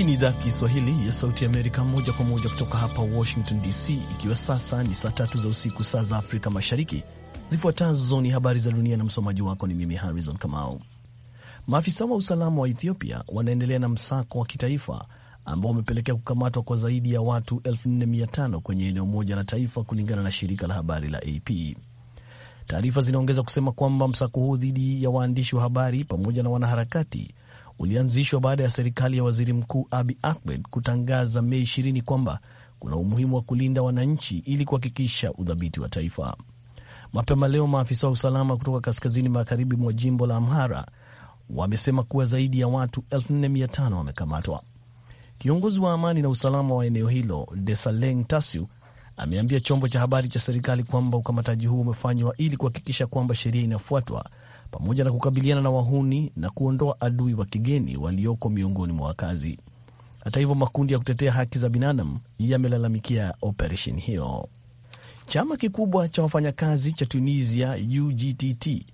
Hii ni idhaa Kiswahili ya Sauti Amerika, moja kwa moja kutoka hapa Washington DC, ikiwa sasa ni saa tatu za usiku, saa za Afrika Mashariki. Zifuatazo ni habari za dunia, na msomaji wako ni mimi Harrison Kamau. Maafisa wa usalama wa Ethiopia wanaendelea na msako wa kitaifa ambao wamepelekea kukamatwa kwa zaidi ya watu 45 kwenye eneo moja la taifa, kulingana na shirika la habari la AP. Taarifa zinaongeza kusema kwamba msako huo dhidi ya waandishi wa habari pamoja na wanaharakati ulianzishwa baada ya serikali ya waziri mkuu Abi Ahmed kutangaza Mei ishirini kwamba kuna umuhimu wa kulinda wananchi ili kuhakikisha udhabiti wa taifa. Mapema leo maafisa wa usalama kutoka kaskazini magharibi mwa jimbo la Amhara wamesema kuwa zaidi ya watu 45 wamekamatwa. Kiongozi wa amani na usalama wa eneo hilo Desaleng Tasiu ameambia chombo cha habari cha serikali kwamba ukamataji huo umefanywa ili kuhakikisha kwamba sheria inafuatwa pamoja na kukabiliana na wahuni na kuondoa adui wa kigeni walioko miongoni mwa wakazi. Hata hivyo, makundi ya kutetea haki za binadamu yamelalamikia operesheni hiyo. Chama kikubwa cha wafanyakazi cha Tunisia UGTT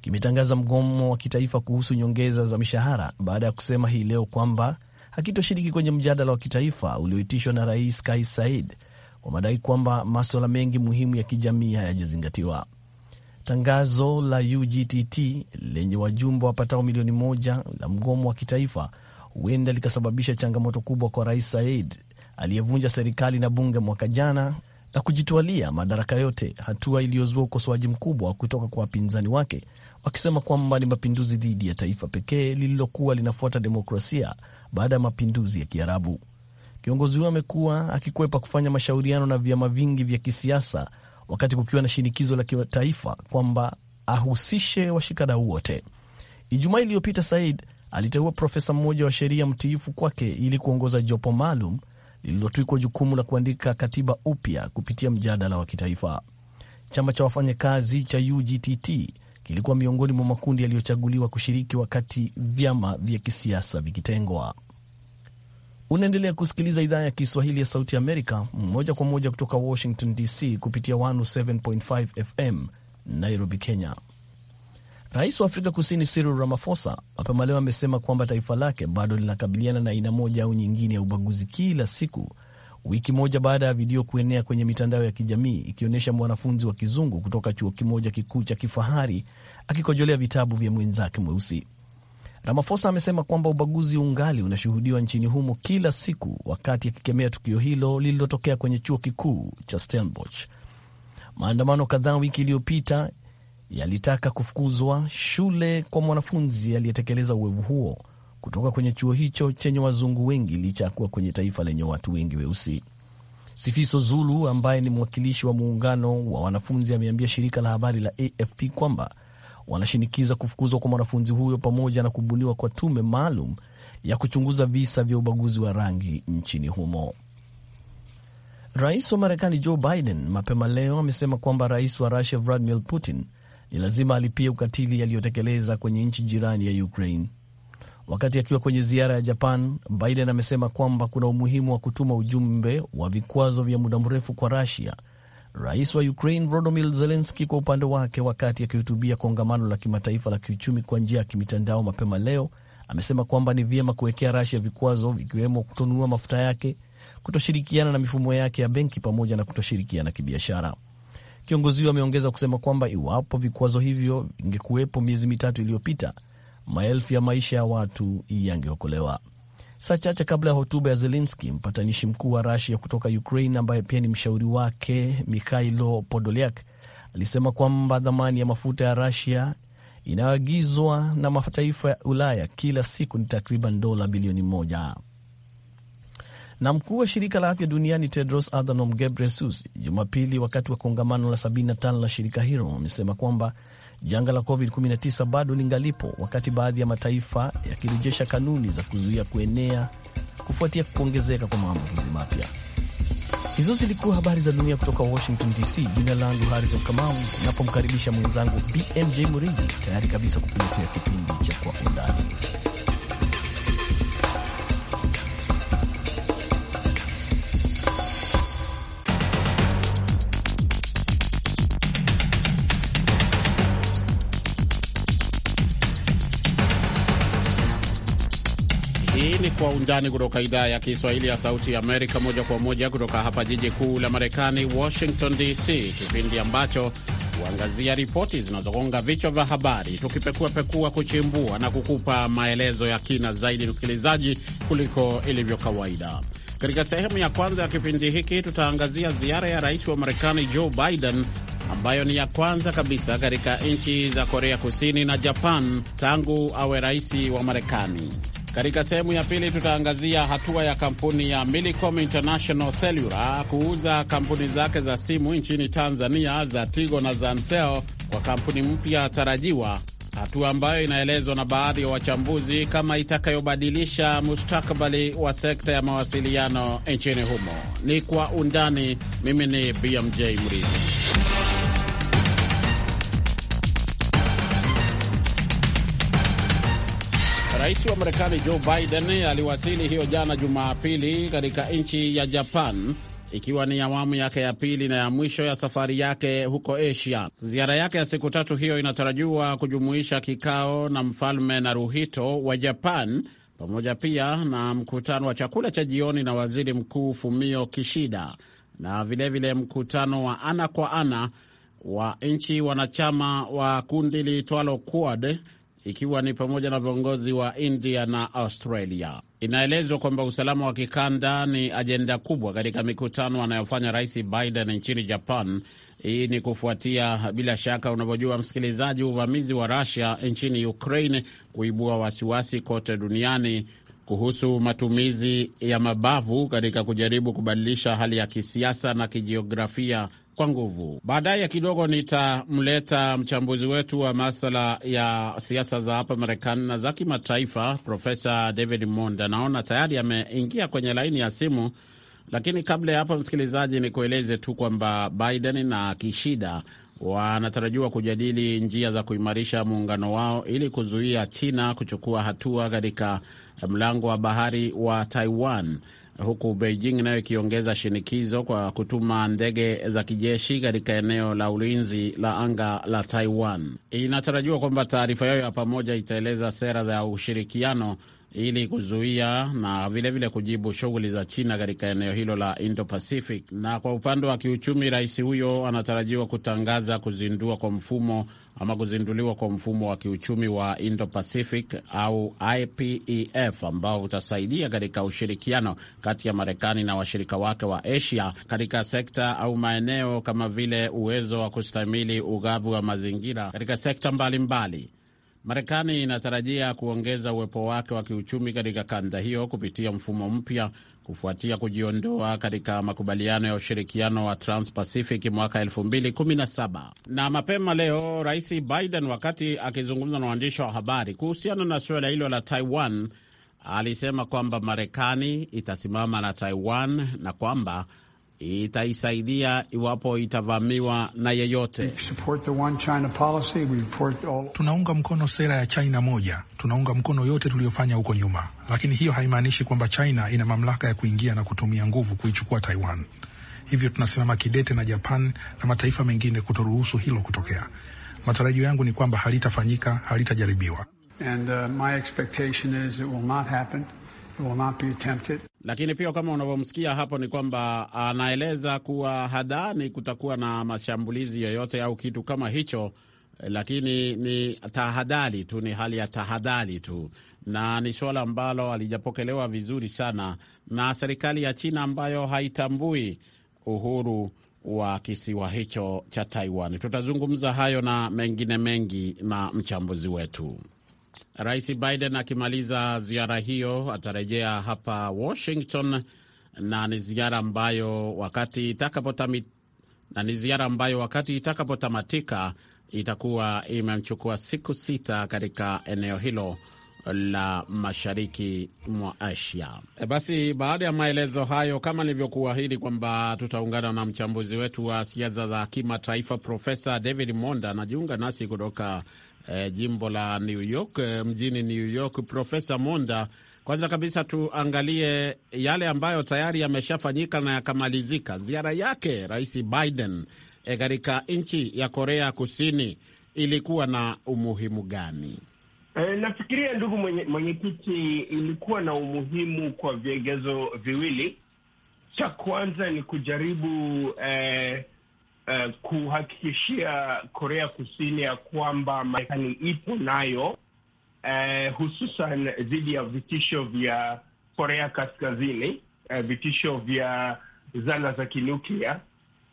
kimetangaza mgomo wa kitaifa kuhusu nyongeza za mishahara baada ya kusema hii leo kwamba hakitoshiriki kwenye mjadala wa kitaifa ulioitishwa na Rais Kais Saied kwa madai kwamba maswala mengi muhimu ya kijamii hayajazingatiwa tangazo la UGTT lenye wajumbe wapatao milioni moja la mgomo wa kitaifa huenda likasababisha changamoto kubwa kwa Rais Said aliyevunja serikali na bunge mwaka jana na kujitwalia madaraka yote, hatua iliyozua ukosoaji mkubwa kutoka kwa wapinzani wake wakisema kwamba ni mapinduzi dhidi ya taifa pekee lililokuwa linafuata demokrasia baada ya mapinduzi ya Kiarabu. Kiongozi huyo amekuwa akikwepa kufanya mashauriano na vyama vingi vya kisiasa wakati kukiwa na shinikizo la kimataifa kwamba ahusishe washikadau wote. Ijumaa iliyopita Said aliteua profesa mmoja wa sheria mtiifu kwake ili kuongoza jopo maalum lililotwikwa jukumu la kuandika katiba upya kupitia mjadala wa kitaifa. Chama cha wafanyakazi cha UGTT kilikuwa miongoni mwa makundi yaliyochaguliwa kushiriki wakati vyama vya kisiasa vikitengwa. Unaendelea kusikiliza idhaa ya Kiswahili ya Sauti Amerika moja kwa moja kutoka Washington DC kupitia 107.5 FM Nairobi, Kenya. Rais wa Afrika Kusini Cyril Ramaphosa mapema leo amesema kwamba taifa lake bado linakabiliana na aina moja au nyingine ya ubaguzi kila siku, wiki moja baada ya video kuenea kwenye mitandao ya kijamii ikionyesha mwanafunzi wa kizungu kutoka chuo kimoja kikuu cha kifahari akikojolea vitabu vya mwenzake mweusi ramafosa amesema kwamba ubaguzi ungali unashuhudiwa nchini humo kila siku, wakati akikemea tukio hilo lililotokea kwenye chuo kikuu cha Stellenbosch. Maandamano kadhaa wiki iliyopita yalitaka kufukuzwa shule kwa mwanafunzi aliyetekeleza uwevu huo kutoka kwenye chuo hicho chenye wazungu wengi licha ya kuwa kwenye taifa lenye watu wengi weusi. Sifiso Zulu ambaye ni mwakilishi wa muungano wa wanafunzi ameambia shirika la habari la AFP kwamba wanashinikiza kufukuzwa kwa mwanafunzi huyo pamoja na kubuniwa kwa tume maalum ya kuchunguza visa vya ubaguzi wa rangi nchini humo. Rais wa Marekani Joe Biden mapema leo amesema kwamba rais wa Rusia Vladimir Putin ni lazima alipie ukatili aliyotekeleza kwenye nchi jirani ya Ukraine. Wakati akiwa kwenye ziara ya Japan, Biden amesema kwamba kuna umuhimu wa kutuma ujumbe wa vikwazo vya muda mrefu kwa Rusia Rais wa Ukraine Volodymyr Zelensky kwa upande wake, wakati akihutubia kongamano la kimataifa la kiuchumi kwa njia ya kimitandao mapema leo, amesema kwamba ni vyema kuwekea Rasia vikwazo vikiwemo kutonunua mafuta yake, kutoshirikiana na mifumo yake ya benki pamoja na kutoshirikiana kibiashara. Kiongozi huyo ameongeza kusema kwamba iwapo vikwazo hivyo vingekuwepo miezi mitatu iliyopita, maelfu ya maisha ya watu yangeokolewa saa chache kabla ya hotuba ya Zelenski, mpatanishi mkuu wa Rusia kutoka Ukraine ambaye pia ni mshauri wake Mikhailo Podolyak alisema kwamba dhamani ya mafuta ya Rusia inayoagizwa na mataifa ya Ulaya kila siku ni takriban dola bilioni moja. Na mkuu wa shirika la afya duniani Tedros Adhanom Ghebreyesus Jumapili, wakati wa kongamano la 75 la shirika hilo, amesema kwamba Janga la COVID-19 bado lingalipo, wakati baadhi ya mataifa yakirejesha kanuni za kuzuia kuenea kufuatia kuongezeka kwa maambukizi mapya. Hizo zilikuwa habari za dunia kutoka Washington DC. Jina langu Harrison Kamau, napomkaribisha mwenzangu BMJ Muridhi, tayari kabisa kukuletea kipindi cha Kwa Undani. Undani kutoka idhaa ya Kiswahili ya Sauti ya Amerika, moja kwa moja kutoka hapa jiji kuu la Marekani, Washington DC, kipindi ambacho huangazia ripoti zinazogonga vichwa vya habari, tukipekuapekua, kuchimbua na kukupa maelezo ya kina zaidi, msikilizaji, kuliko ilivyo kawaida. Katika sehemu ya kwanza ya kipindi hiki tutaangazia ziara ya rais wa Marekani Joe Biden ambayo ni ya kwanza kabisa katika nchi za Korea Kusini na Japan tangu awe rais wa Marekani. Katika sehemu ya pili tutaangazia hatua ya kampuni ya Millicom International Cellular kuuza kampuni zake za simu nchini Tanzania za Tigo na Zantel kwa kampuni mpya tarajiwa, hatua ambayo inaelezwa na baadhi ya wa wachambuzi kama itakayobadilisha mustakabali wa sekta ya mawasiliano nchini humo. Ni kwa undani. Mimi ni BMJ Mrizi. Rais wa Marekani Joe Biden aliwasili hiyo jana Jumapili katika nchi ya Japan ikiwa ni awamu yake ya pili na ya mwisho ya safari yake huko Asia. Ziara yake ya siku tatu hiyo inatarajiwa kujumuisha kikao na mfalme Naruhito wa Japan pamoja pia na mkutano wa chakula cha jioni na waziri mkuu Fumio Kishida na vilevile vile mkutano wa ana kwa ana wa nchi wanachama wa kundi liitwalo Quad ikiwa ni pamoja na viongozi wa India na Australia. Inaelezwa kwamba usalama wa kikanda ni ajenda kubwa katika mikutano anayofanya Rais Biden nchini Japan. Hii ni kufuatia, bila shaka unavyojua msikilizaji, uvamizi wa Rusia nchini Ukraine kuibua wasiwasi kote duniani kuhusu matumizi ya mabavu katika kujaribu kubadilisha hali ya kisiasa na kijiografia kwa nguvu. Baadaye kidogo nitamleta mchambuzi wetu wa masala ya siasa za hapa Marekani na za kimataifa, Profesa David Monda. Naona tayari ameingia kwenye laini ya simu, lakini kabla ya hapo, msikilizaji, nikueleze tu kwamba Biden na Kishida wanatarajiwa kujadili njia za kuimarisha muungano wao ili kuzuia China kuchukua hatua katika mlango wa bahari wa Taiwan huku Beijing nayo ikiongeza shinikizo kwa kutuma ndege za kijeshi katika eneo la ulinzi la anga la Taiwan. Inatarajiwa kwamba taarifa yayo ya pamoja itaeleza sera za ushirikiano ili kuzuia na vilevile vile kujibu shughuli za China katika eneo hilo la Indo Pacific. Na kwa upande wa kiuchumi, rais huyo anatarajiwa kutangaza kuzindua kwa mfumo ama kuzinduliwa kwa mfumo wa kiuchumi wa Indo-Pacific au IPEF ambao utasaidia katika ushirikiano kati ya Marekani na washirika wake wa Asia katika sekta au maeneo kama vile uwezo wa kustahimili ugavi wa mazingira katika sekta mbalimbali mbali. Marekani inatarajia kuongeza uwepo wake wa kiuchumi katika kanda hiyo kupitia mfumo mpya kufuatia kujiondoa katika makubaliano ya ushirikiano wa Transpacific mwaka 2017. Na mapema leo Rais Biden, wakati akizungumza na waandishi wa habari kuhusiana na suala hilo la Taiwan, alisema kwamba Marekani itasimama na Taiwan na kwamba itaisaidia iwapo itavamiwa na yeyote. Tunaunga mkono sera ya China moja, tunaunga mkono yote tuliyofanya huko nyuma, lakini hiyo haimaanishi kwamba China ina mamlaka ya kuingia na kutumia nguvu kuichukua Taiwan. Hivyo tunasimama kidete na Japan na mataifa mengine kutoruhusu hilo kutokea. Matarajio yangu ni kwamba halitafanyika, halitajaribiwa. And, uh, my expectation is it will not happen. It will not be attempted. Lakini pia kama unavyomsikia hapo ni kwamba anaeleza kuwa hadhani kutakuwa na mashambulizi yoyote au kitu kama hicho, lakini ni tahadhari tu, ni hali ya tahadhari tu, na ni suala ambalo alijapokelewa vizuri sana na serikali ya China ambayo haitambui uhuru wa kisiwa hicho cha Taiwan. Tutazungumza hayo na mengine mengi na mchambuzi wetu. Rais Biden akimaliza ziara hiyo atarejea hapa Washington na ni ziara ambayo wakati itakapotami na ni ziara ambayo wakati itakapotamatika itakuwa imemchukua siku sita katika eneo hilo la mashariki mwa Asia. E, basi baada ya maelezo hayo, kama nilivyokuahidi kwamba tutaungana na mchambuzi wetu wa siasa za kimataifa Profesa David Monda anajiunga nasi kutoka e, jimbo la New York e, mjini New York. Profesa Monda, kwanza kabisa tuangalie yale ambayo tayari yameshafanyika na yakamalizika. Ziara yake Rais Biden eh, katika e nchi ya Korea Kusini ilikuwa na umuhimu gani? E, nafikiria ndugu mwenyekiti, mwenye ilikuwa na umuhimu kwa viegezo viwili. Cha kwanza ni kujaribu eh, uh, kuhakikishia Korea Kusini ya kwamba Marekani ipo nayo uh, hususan dhidi ya vitisho vya Korea Kaskazini, uh, vitisho vya zana za kinuklia,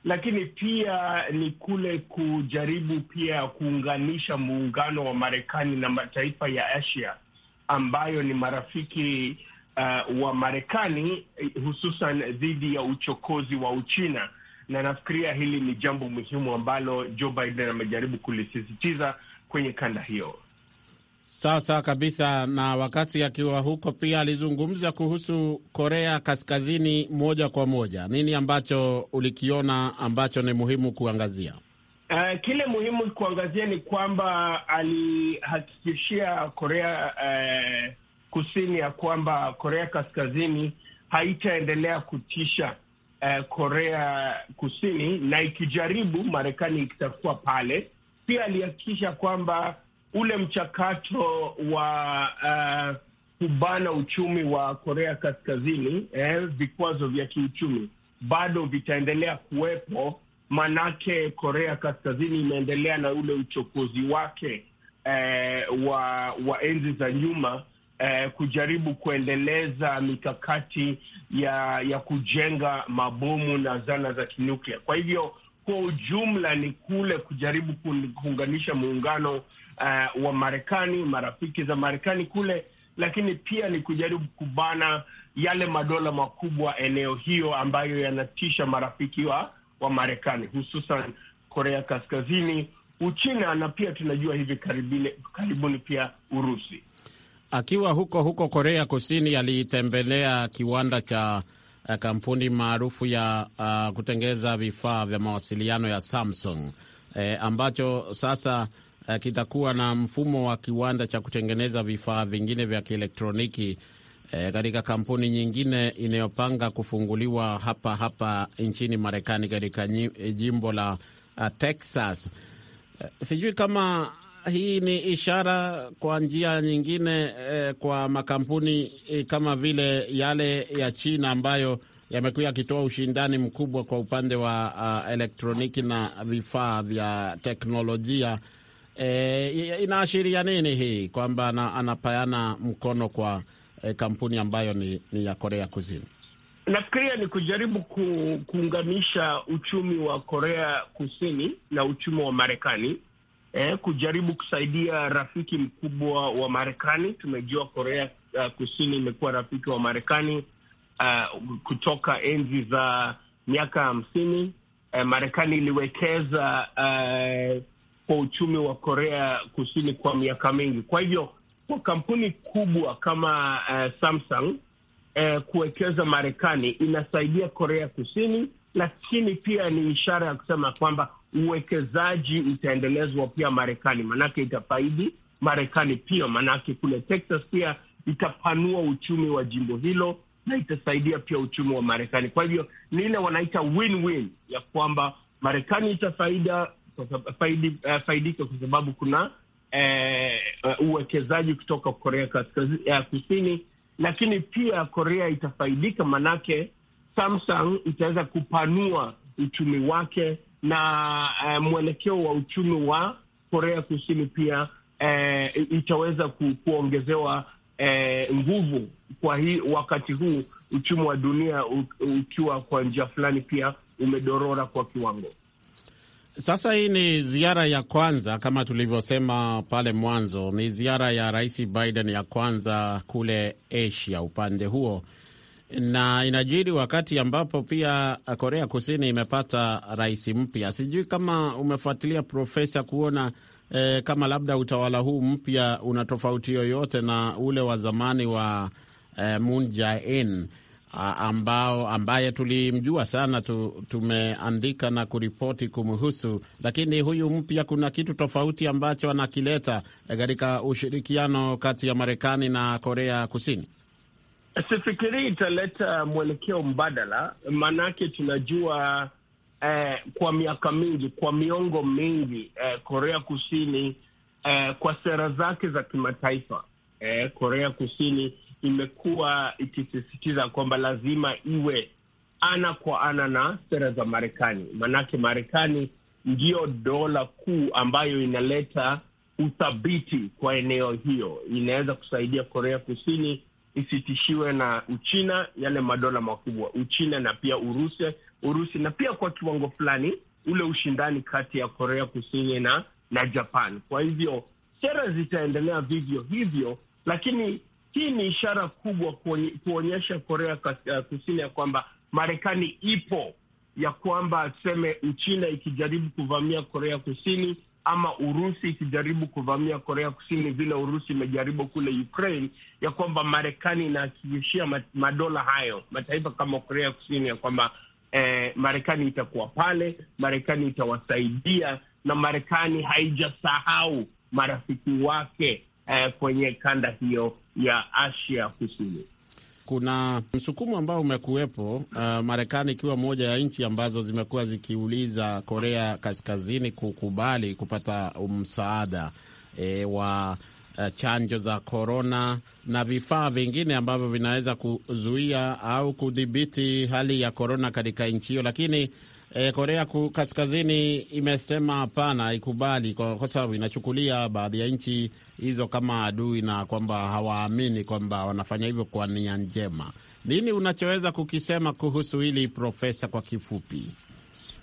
lakini pia ni kule kujaribu pia kuunganisha muungano wa Marekani na mataifa ya Asia ambayo ni marafiki uh, wa Marekani hususan dhidi ya uchokozi wa Uchina na nafikiria hili ni jambo muhimu ambalo Joe Biden amejaribu kulisisitiza kwenye kanda hiyo. Sasa kabisa. Na wakati akiwa huko pia alizungumza kuhusu Korea Kaskazini moja kwa moja. Nini ambacho ulikiona ambacho ni muhimu kuangazia? Uh, kile muhimu kuangazia ni kwamba alihakikishia Korea uh, Kusini ya kwamba Korea Kaskazini haitaendelea kutisha uh, Korea Kusini, na ikijaribu Marekani itakuwa pale pia. Alihakikisha kwamba ule mchakato wa uh, kubana uchumi wa Korea Kaskazini, eh, vikwazo vya kiuchumi bado vitaendelea kuwepo, manake Korea Kaskazini imeendelea na ule uchokozi wake eh, wa, wa enzi za nyuma eh, kujaribu kuendeleza mikakati ya ya kujenga mabomu na zana za kinuklia. Kwa hivyo kwa ujumla ni kule kujaribu kuunganisha muungano eh, wa Marekani, marafiki za Marekani kule, lakini pia ni kujaribu kubana yale madola makubwa eneo hiyo ambayo yanatisha marafiki wa, wa Marekani, hususan Korea Kaskazini, Uchina na pia tunajua hivi karibuni pia Urusi. Akiwa huko huko Korea Kusini, alitembelea kiwanda cha eh, kampuni maarufu ya uh, kutengeza vifaa vya mawasiliano ya Samsung e, ambacho sasa uh, kitakuwa na mfumo wa kiwanda cha kutengeneza vifaa vingine vya kielektroniki e, katika kampuni nyingine inayopanga kufunguliwa hapa hapa nchini Marekani katika jimbo la uh, Texas. Sijui kama hii ni ishara kwa njia nyingine eh, kwa makampuni eh, kama vile yale ya China ambayo yamekuwa yakitoa ushindani mkubwa kwa upande wa uh, elektroniki na vifaa vya teknolojia. Eh, inaashiria nini hii kwamba anapayana mkono kwa eh, kampuni ambayo ni, ni ya Korea Kusini? Nafikiria ni kujaribu ku, kuunganisha uchumi wa Korea Kusini na uchumi wa Marekani eh, kujaribu kusaidia rafiki mkubwa wa Marekani. Tumejua Korea uh, Kusini imekuwa rafiki wa Marekani uh, kutoka enzi za miaka hamsini. Eh, Marekani iliwekeza uh, kwa uchumi wa Korea Kusini kwa miaka mingi. Kwa hivyo kwa kampuni kubwa kama uh, Samsung uh, kuwekeza Marekani inasaidia Korea Kusini, lakini pia ni ishara ya kusema kwamba uwekezaji utaendelezwa pia Marekani, maanake itafaidi Marekani pia, maanake kule Texas pia itapanua uchumi wa jimbo hilo na itasaidia pia uchumi wa Marekani. Kwa hivyo ni ile wanaita win-win ya kwamba Marekani itafaida faidi, uh, eh, faidika kwa sababu kuna eh, eh uwekezaji kutoka Korea kaskazini, eh, kusini, lakini pia Korea itafaidika, manake Samsung itaweza kupanua uchumi wake na uh, mwelekeo wa uchumi wa Korea Kusini pia uh, itaweza ku, kuongezewa uh, nguvu. Kwa hii wakati huu uchumi wa dunia ukiwa kwa njia fulani pia umedorora kwa kiwango sasa hii ni ziara ya kwanza kama tulivyosema pale mwanzo, ni ziara ya Rais Biden ya kwanza kule Asia upande huo, na inajiri wakati ambapo pia Korea Kusini imepata rais mpya. Sijui kama umefuatilia Profesa, kuona e, kama labda utawala huu mpya una tofauti yoyote na ule wa zamani wa e, Moon Jae-in ambao ambaye tulimjua sana tu, tumeandika na kuripoti kumhusu, lakini huyu mpya kuna kitu tofauti ambacho anakileta eh, katika ushirikiano kati ya Marekani na Korea Kusini. Sifikirii italeta mwelekeo mbadala, maanake tunajua eh, kwa miaka mingi, kwa miongo mingi eh, Korea Kusini eh, kwa sera zake za kimataifa eh, Korea Kusini imekuwa ikisisitiza kwamba lazima iwe ana kwa ana na sera za Marekani, maanake Marekani ndiyo dola kuu ambayo inaleta uthabiti kwa eneo hiyo, inaweza kusaidia Korea Kusini isitishiwe na Uchina, yale madola makubwa Uchina na pia Urusi, Urusi na pia kwa kiwango fulani ule ushindani kati ya Korea Kusini na na Japan. Kwa hivyo sera zitaendelea vivyo hivyo, lakini hii ni ishara kubwa kuonyesha Korea eh, Kusini ya kwamba Marekani ipo, ya kwamba tuseme Uchina ikijaribu kuvamia Korea Kusini ama Urusi ikijaribu kuvamia Korea Kusini vile Urusi imejaribu kule Ukraine, ya kwamba Marekani inahakikishia madola hayo mataifa kama Korea Kusini ya kwamba eh, Marekani itakuwa pale, Marekani itawasaidia na Marekani haijasahau marafiki wake eh, kwenye kanda hiyo ya Asia Kusini kuna msukumo ambao umekuwepo uh, Marekani ikiwa moja ya nchi ambazo zimekuwa zikiuliza Korea Kaskazini kukubali kupata msaada e, wa uh, chanjo za korona na vifaa vingine ambavyo vinaweza kuzuia au kudhibiti hali ya korona katika nchi hiyo, lakini E, Korea Kaskazini imesema hapana, haikubali kwa sababu inachukulia baadhi ya nchi hizo kama adui na kwamba hawaamini kwamba wanafanya hivyo kwa nia njema. Nini unachoweza kukisema kuhusu hili Profesa, kwa kifupi?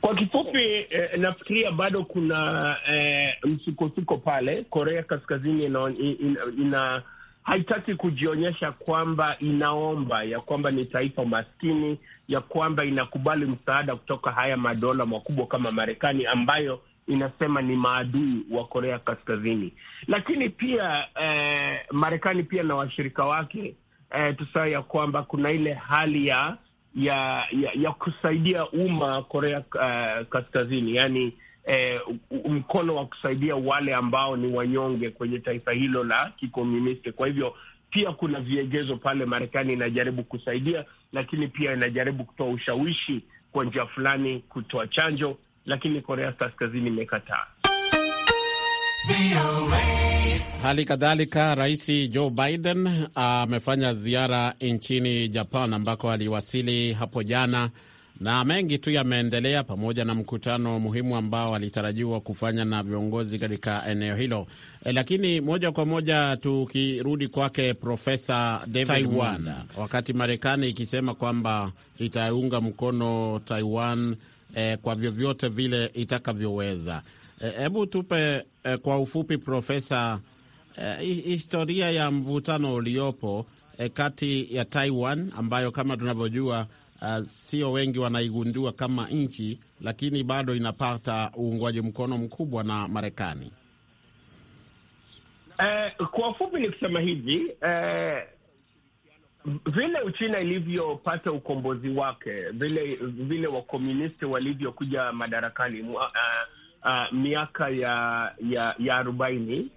Kwa kifupi eh, nafikiria bado kuna eh, msukosuko pale. Korea Kaskazini ina, ina, ina haitaki kujionyesha kwamba inaomba ya kwamba ni taifa maskini, ya kwamba inakubali msaada kutoka haya madola makubwa kama Marekani ambayo inasema ni maadui wa Korea Kaskazini. Lakini pia eh, Marekani pia na washirika wake eh, tusahau ya kwamba kuna ile hali ya ya, ya, ya kusaidia umma Korea uh, Kaskazini, yani eh, mkono wa kusaidia wale ambao ni wanyonge kwenye taifa hilo la kikomunisti. Kwa hivyo pia kuna viegezo pale, Marekani inajaribu kusaidia, lakini pia inajaribu kutoa ushawishi kwa njia fulani, kutoa chanjo, lakini Korea Kaskazini imekataa. Hali kadhalika Rais Joe Biden amefanya ziara nchini Japan ambako aliwasili hapo jana na mengi tu yameendelea, pamoja na mkutano muhimu ambao alitarajiwa kufanya na viongozi katika eneo hilo. E, lakini moja kwa moja tukirudi kwake Profesa David wakati Marekani ikisema kwamba itaunga mkono Taiwan e, kwa vyovyote vile itakavyoweza, eh, hebu e, tupe e, kwa ufupi Profesa e, historia ya mvutano uliopo e, kati ya Taiwan ambayo kama tunavyojua uh, sio wengi wanaigundua kama nchi, lakini bado inapata uungwaji mkono mkubwa na Marekani. Uh, kwa ufupi ni kusema hivi uh, vile Uchina ilivyopata ukombozi wake, vile vile wakomunisti walivyokuja madarakani uh, uh, miaka ya ya ya arobaini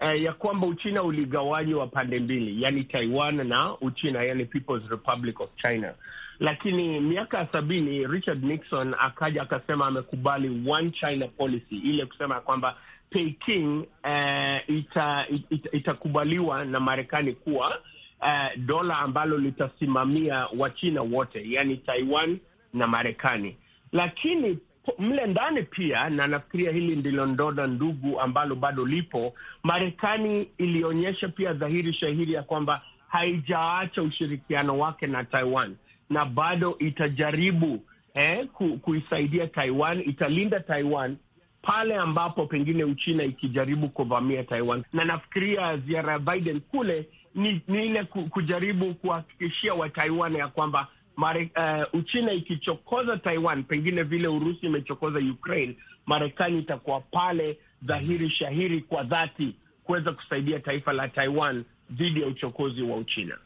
uh, ya kwamba Uchina uligawanywa pande mbili, yani Taiwan na Uchina, yani People's Republic of China lakini miaka ya sabini Richard Nixon akaja akasema amekubali one China policy, ile kusema kwamba Peking eh, ita, ita, itakubaliwa na Marekani kuwa eh, dola ambalo litasimamia Wachina wote, yaani Taiwan na Marekani, lakini mle ndani pia, na nafikiria hili ndilo ndoda ndugu ambalo bado lipo, Marekani ilionyesha pia dhahiri shahiri ya kwamba haijaacha ushirikiano wake na Taiwan na bado itajaribu eh, ku, kuisaidia Taiwan, italinda Taiwan pale ambapo pengine Uchina ikijaribu kuvamia Taiwan. Na nafikiria ziara ya Biden kule ni, ni ile kujaribu kuhakikishia wa Taiwan ya kwamba Mare, uh, Uchina ikichokoza Taiwan pengine vile Urusi imechokoza Ukraine, Marekani itakuwa pale dhahiri shahiri kwa dhati kuweza kusaidia taifa la Taiwan dhidi ya uchokozi wa Uchina.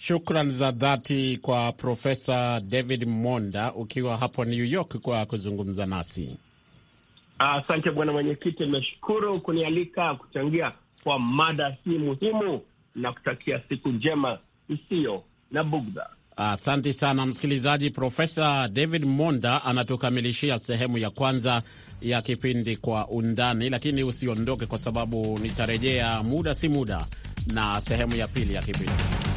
Shukran za dhati kwa Profesa David Monda ukiwa hapo New York kwa kuzungumza nasi. Asante uh, bwana mwenyekiti, nashukuru kunialika kuchangia kwa mada hii muhimu na kutakia siku njema isiyo na bugdha. Asante sana msikilizaji. Profesa David Monda anatukamilishia sehemu ya kwanza ya kipindi Kwa Undani, lakini usiondoke, kwa sababu nitarejea muda si muda na sehemu ya pili ya kipindi.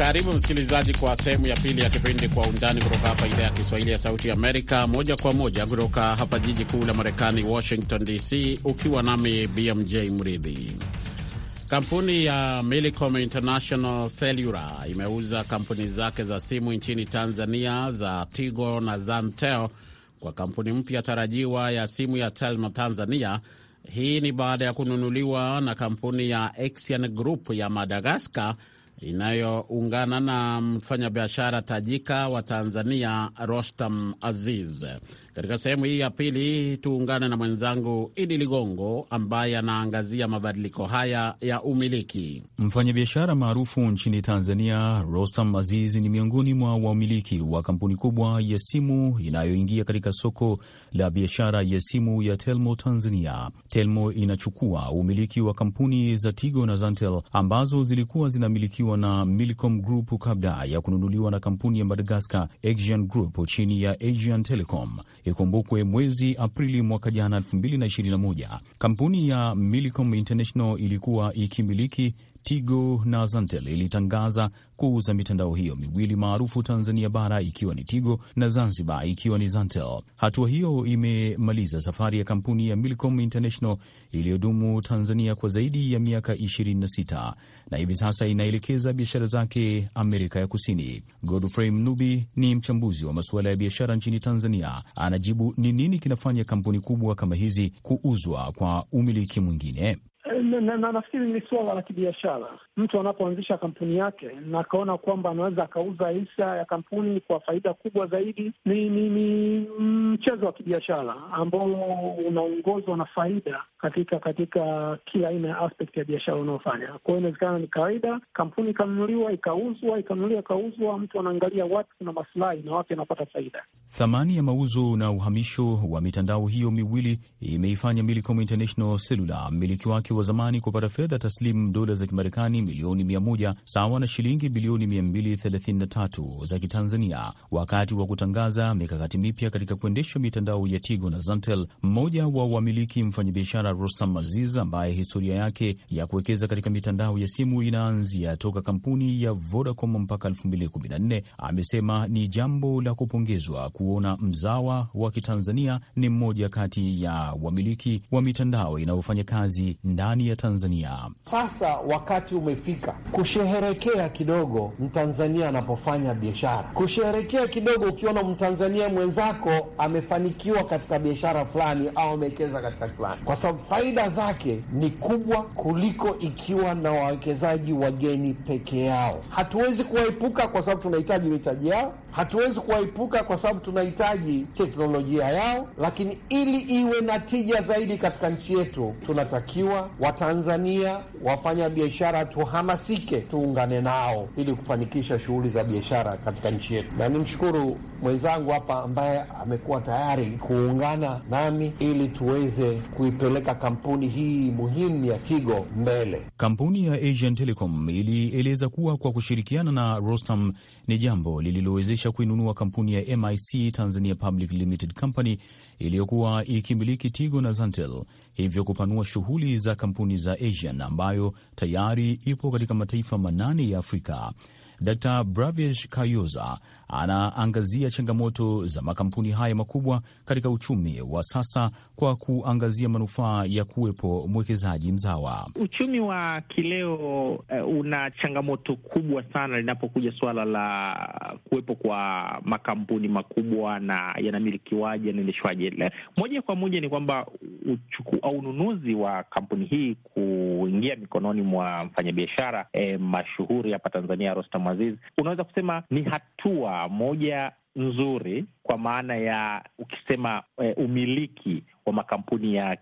Karibu msikilizaji, kwa sehemu ya pili ya kipindi Kwa Undani kutoka hapa idhaa ya Kiswahili ya Sauti ya Amerika, moja kwa moja kutoka hapa jiji kuu la Marekani, Washington DC, ukiwa nami BMJ Mridhi. Kampuni ya Milicom International Cellular imeuza kampuni zake za simu nchini Tanzania za Tigo na Zantel kwa kampuni mpya tarajiwa ya simu ya Telma Tanzania. Hii ni baada ya kununuliwa na kampuni ya Exian Group ya Madagaskar inayoungana na mfanyabiashara tajika wa Tanzania Rostam Aziz. Katika sehemu hii ya pili tuungane na mwenzangu Idi Ligongo ambaye anaangazia mabadiliko haya ya umiliki. Mfanyabiashara maarufu nchini Tanzania Rostam Aziz ni miongoni mwa waumiliki wa kampuni kubwa ya simu inayoingia katika soko la biashara ya simu ya Telmo Tanzania. Telmo inachukua umiliki wa kampuni za Tigo na Zantel ambazo zilikuwa zinamilikiwa na Millicom Group kabla ya kununuliwa na kampuni ya Madagascar Axian Group chini ya Asian Telecom. Ikumbukwe mwezi Aprili mwaka jana 2021 kampuni ya Millicom International ilikuwa ikimiliki Tigo na Zantel ilitangaza kuuza mitandao hiyo miwili maarufu Tanzania bara ikiwa ni Tigo na Zanzibar ikiwa ni Zantel. Hatua hiyo imemaliza safari ya kampuni ya Millicom International iliyodumu Tanzania kwa zaidi ya miaka 26 na hivi sasa inaelekeza biashara zake Amerika ya Kusini. Godfrey Mnubi ni mchambuzi wa masuala ya biashara nchini Tanzania, anajibu ni nini kinafanya kampuni kubwa kama hizi kuuzwa kwa umiliki mwingine na, na nafikiri ni suala la kibiashara. Mtu anapoanzisha kampuni yake na akaona kwamba anaweza akauza hisa ya kampuni kwa faida kubwa zaidi, ni ni, ni mchezo wa kibiashara ambao unaongozwa na faida katika katika kila aina ya aspect ya biashara unaofanya. Kwa hiyo inawezekana ni kawaida kampuni ikanunuliwa ikauzwa, ikanunuliwa ikauzwa, mtu anaangalia watu kuna masilahi na watu anapata faida. Thamani ya mauzo na uhamisho wa mitandao hiyo miwili imeifanya Millicom International Cellular mmiliki wake wa zamani Marekani kupata fedha taslimu dola za Kimarekani milioni 100 sawa na shilingi bilioni 233 za Kitanzania wakati wa kutangaza mikakati mipya katika kuendesha mitandao ya Tigo na Zantel. Mmoja wa wamiliki, mfanyabiashara Rostam Aziz, ambaye historia yake ya kuwekeza katika mitandao ya simu inaanzia toka kampuni ya Vodacom mpaka 2014, amesema ni jambo la kupongezwa kuona mzawa wa Kitanzania ni mmoja kati ya wamiliki wa mitandao inayofanya kazi ndani ya Tanzania. Sasa wakati umefika kusherehekea kidogo mtanzania anapofanya biashara, kusherehekea kidogo ukiona mtanzania mwenzako amefanikiwa katika biashara fulani au amewekeza katika fulani, kwa sababu faida zake ni kubwa kuliko ikiwa na wawekezaji wageni peke yao. Hatuwezi kuwaepuka kwa sababu tunahitaji mitaji yao hatuwezi kuwaepuka kwa sababu tunahitaji teknolojia yao, lakini ili iwe na tija zaidi katika nchi yetu, tunatakiwa Watanzania wafanya biashara tuhamasike, tuungane nao ili kufanikisha shughuli za biashara katika nchi yetu. Na nimshukuru mwenzangu hapa ambaye amekuwa tayari kuungana nami ili tuweze kuipeleka kampuni hii muhimu ya Tigo mbele. Kampuni ya Asian Telecom ilieleza kuwa kwa kushirikiana na Rostam ni jambo lililowezesha kuthibitisha kuinunua kampuni ya MIC Tanzania Public Limited Company iliyokuwa ikimiliki Tigo na Zantel, hivyo kupanua shughuli za kampuni za Asian ambayo tayari ipo katika mataifa manane ya Afrika. Dr bravish Kayoza anaangazia changamoto za makampuni haya makubwa katika uchumi wa sasa kwa kuangazia manufaa ya kuwepo mwekezaji mzawa. Uchumi wa kileo uh, una changamoto kubwa sana linapokuja suala la kuwepo kwa makampuni makubwa na yanamilikiwaje, yanaendeshwaje. Moja kwa moja ni kwamba ununuzi wa kampuni hii kuingia mikononi mwa mfanyabiashara eh, mashuhuri hapa Tanzania Rostam Aziz, unaweza kusema ni hatua Uh, moja nzuri kwa maana ya ukisema e, umiliki wa makampuni ya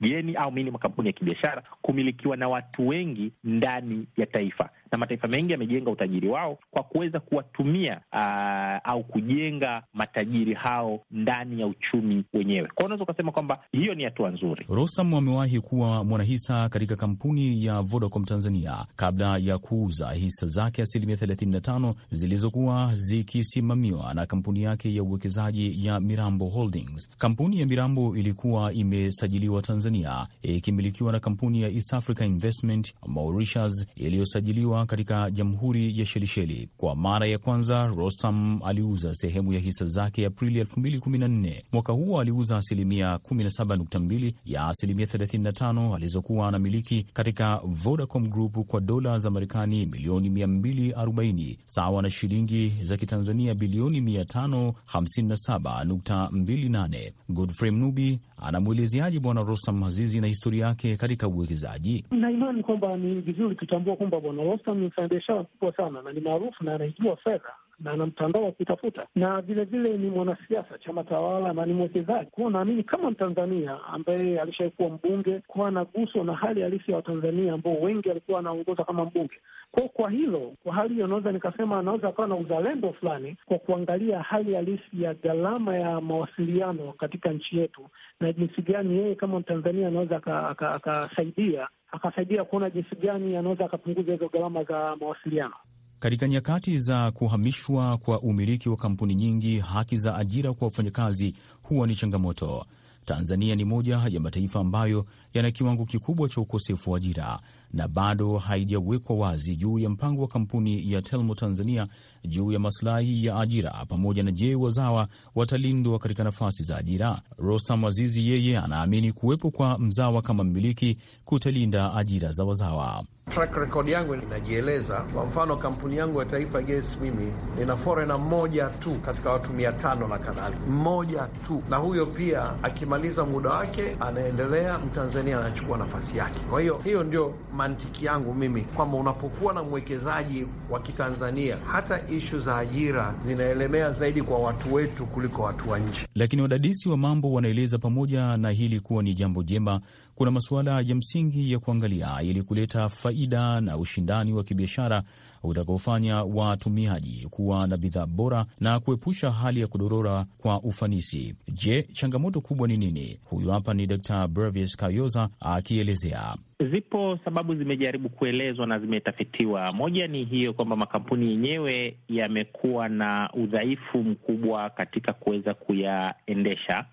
kigeni au mini makampuni ya kibiashara kumilikiwa na watu wengi ndani ya taifa, na mataifa mengi yamejenga utajiri wao kwa kuweza kuwatumia uh, au kujenga matajiri hao ndani ya uchumi wenyewe. Kwao unaweza ukasema kwamba hiyo ni hatua nzuri. Rostam amewahi kuwa mwanahisa katika kampuni ya Vodacom Tanzania kabla ya kuuza hisa zake asilimia 35 zilizokuwa zikisimamiwa na kampuni yake ya uwekezaji ya Mirambo Holdings. Kampuni ya Mirambo ilikuwa imesajiliwa mawili wa Tanzania ikimilikiwa na kampuni ya East Africa Investment Mauritius iliyosajiliwa katika Jamhuri ya Shelisheli. Kwa mara ya kwanza, Rostam aliuza sehemu ya hisa zake Aprili 2014. Mwaka huo aliuza asilimia 17.2 ya asilimia 35 alizokuwa anamiliki katika Vodacom Group kwa dola za Marekani milioni 240 sawa na shilingi za Kitanzania bilioni 557.28. Godfrey Mnubi Anamwelezeaje Bwana Rostam Azizi na historia yake katika uwekezaji? Na imani kwamba ni vizuri kutambua kwamba Bwana Rostam ni mfanyabiashara mkubwa sana na ni maarufu na anaijua fedha na ana mtandao wa kutafuta, na vilevile ni mwanasiasa chama tawala na ni mwekezaji. Kuwa naamini kama Mtanzania ambaye alishawahi kuwa mbunge, kuwa guso na hali halisi ya Watanzania ambao wengi alikuwa anaongoza kama mbunge kwa Kwa hilo, kwa hali hiyo, naweza nikasema anaweza akawa na uzalendo fulani kwa kuangalia hali halisi ya gharama ya mawasiliano katika nchi yetu na jinsi gani yeye kama Mtanzania anaweza akasaidia akasaidia kuona jinsi gani anaweza akapunguza hizo gharama za mawasiliano. Katika nyakati za kuhamishwa kwa umiliki wa kampuni nyingi, haki za ajira kwa wafanyakazi huwa ni changamoto. Tanzania ni moja ya mataifa ambayo yana kiwango kikubwa cha ukosefu wa ajira na bado haijawekwa wazi juu ya mpango wa kampuni ya Telmo Tanzania juu ya masilahi ya ajira pamoja na je, wazawa watalindwa katika nafasi za ajira. Rostam Azizi yeye anaamini kuwepo kwa mzawa kama mmiliki kutalinda ajira za wazawa. Track record yangu inajieleza. Kwa mfano, kampuni yangu ya Taifa Gesi, mimi nina forena mmoja tu katika watu mia tano na kadhalika, mmoja tu, na huyo pia akimaliza muda wake anaendelea, Mtanzania anachukua nafasi yake. Kwa hiyo hiyo ndio mantiki yangu mimi kwamba unapokuwa na mwekezaji wa Kitanzania, hata ishu za ajira zinaelemea zaidi kwa watu wetu kuliko watu wa nje. Lakini wadadisi wa mambo wanaeleza pamoja na hili kuwa ni jambo jema kuna masuala ya msingi ya kuangalia ili kuleta faida na ushindani wa kibiashara utakaofanya watumiaji kuwa na bidhaa bora na kuepusha hali ya kudorora kwa ufanisi. Je, changamoto kubwa ni nini? Huyu hapa ni Dr. brevis Kayoza akielezea. Zipo sababu zimejaribu kuelezwa na zimetafitiwa. Moja ni hiyo kwamba makampuni yenyewe yamekuwa na udhaifu mkubwa katika kuweza kuyaendesha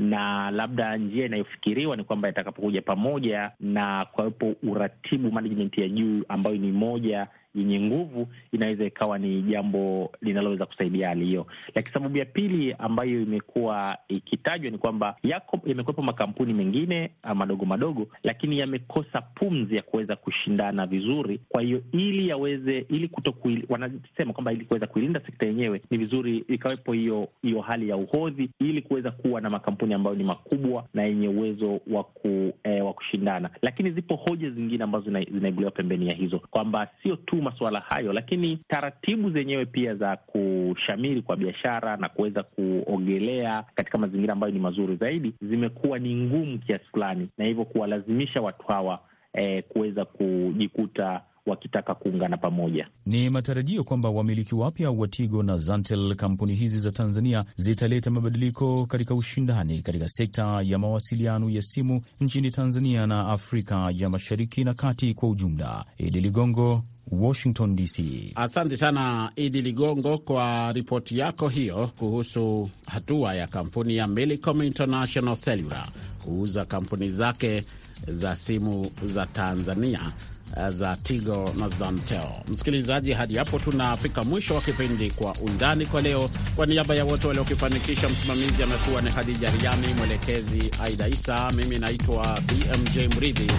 na labda njia inayofikiriwa ni kwamba itakapokuja pamoja na kuwepo uratibu management ya juu ambayo ni moja yenye nguvu inaweza ikawa ni jambo linaloweza kusaidia hali hiyo. Lakini sababu ya pili ambayo imekuwa ikitajwa ni kwamba yako yamekuwepo makampuni mengine ah, madogo madogo, lakini yamekosa pumzi ya kuweza kushindana vizuri. Kwa hiyo ili yaweze ili kuto wanasema kwamba ili kuweza kuilinda sekta yenyewe ni vizuri ikawepo hiyo hiyo hali ya uhodhi, ili kuweza kuwa na makampuni ambayo ni makubwa na yenye uwezo wa ku, eh, wa kushindana. Lakini zipo hoja zingine ambazo zinaibuliwa pembeni ya hizo kwamba sio tu masuala hayo, lakini taratibu zenyewe pia za kushamiri kwa biashara na kuweza kuogelea katika mazingira ambayo ni mazuri zaidi zimekuwa ni ngumu kiasi fulani, na hivyo kuwalazimisha watu hawa eh, kuweza kujikuta wakitaka kuungana pamoja. Ni matarajio kwamba wamiliki wapya wa Tigo na Zantel, kampuni hizi za Tanzania, zitaleta mabadiliko katika ushindani katika sekta ya mawasiliano ya simu nchini Tanzania na Afrika ya Mashariki na Kati kwa ujumla. Idi Ligongo Washington DC. Asante sana Idi Ligongo kwa ripoti yako hiyo kuhusu hatua ya kampuni ya Millicom International Cellular kuuza kampuni zake za simu za Tanzania eh, za Tigo na zanteo Msikilizaji, hadi hapo tunafika mwisho wa kipindi Kwa Undani kwa leo. Kwa niaba ya wote waliokifanikisha, msimamizi amekuwa ni Hadija Riami, mwelekezi Aida Isa, mimi naitwa BMJ Mridhi.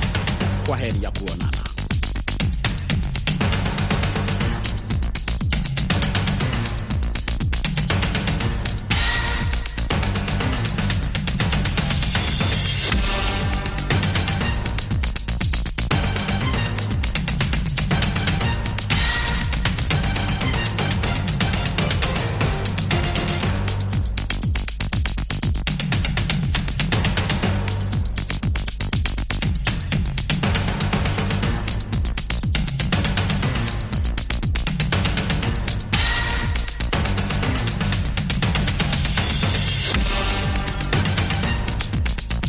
Kwa heri ya kuona.